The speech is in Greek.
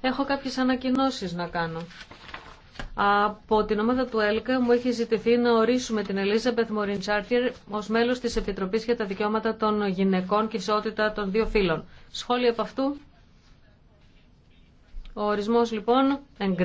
Έχω κάποιες ανακοινώσεις να κάνω. Από την ομάδα του ΕΛΚΑ μου έχει ζητηθεί να ορίσουμε την Ελίζα Μωρίν Τσάρτιερ ως μέλος της Επιτροπής για τα Δικαιώματα των Γυναικών και Ισότητα των Δύο Φύλων. Σχόλια από αυτού. Ο ορισμός λοιπόν εγκρίνεται.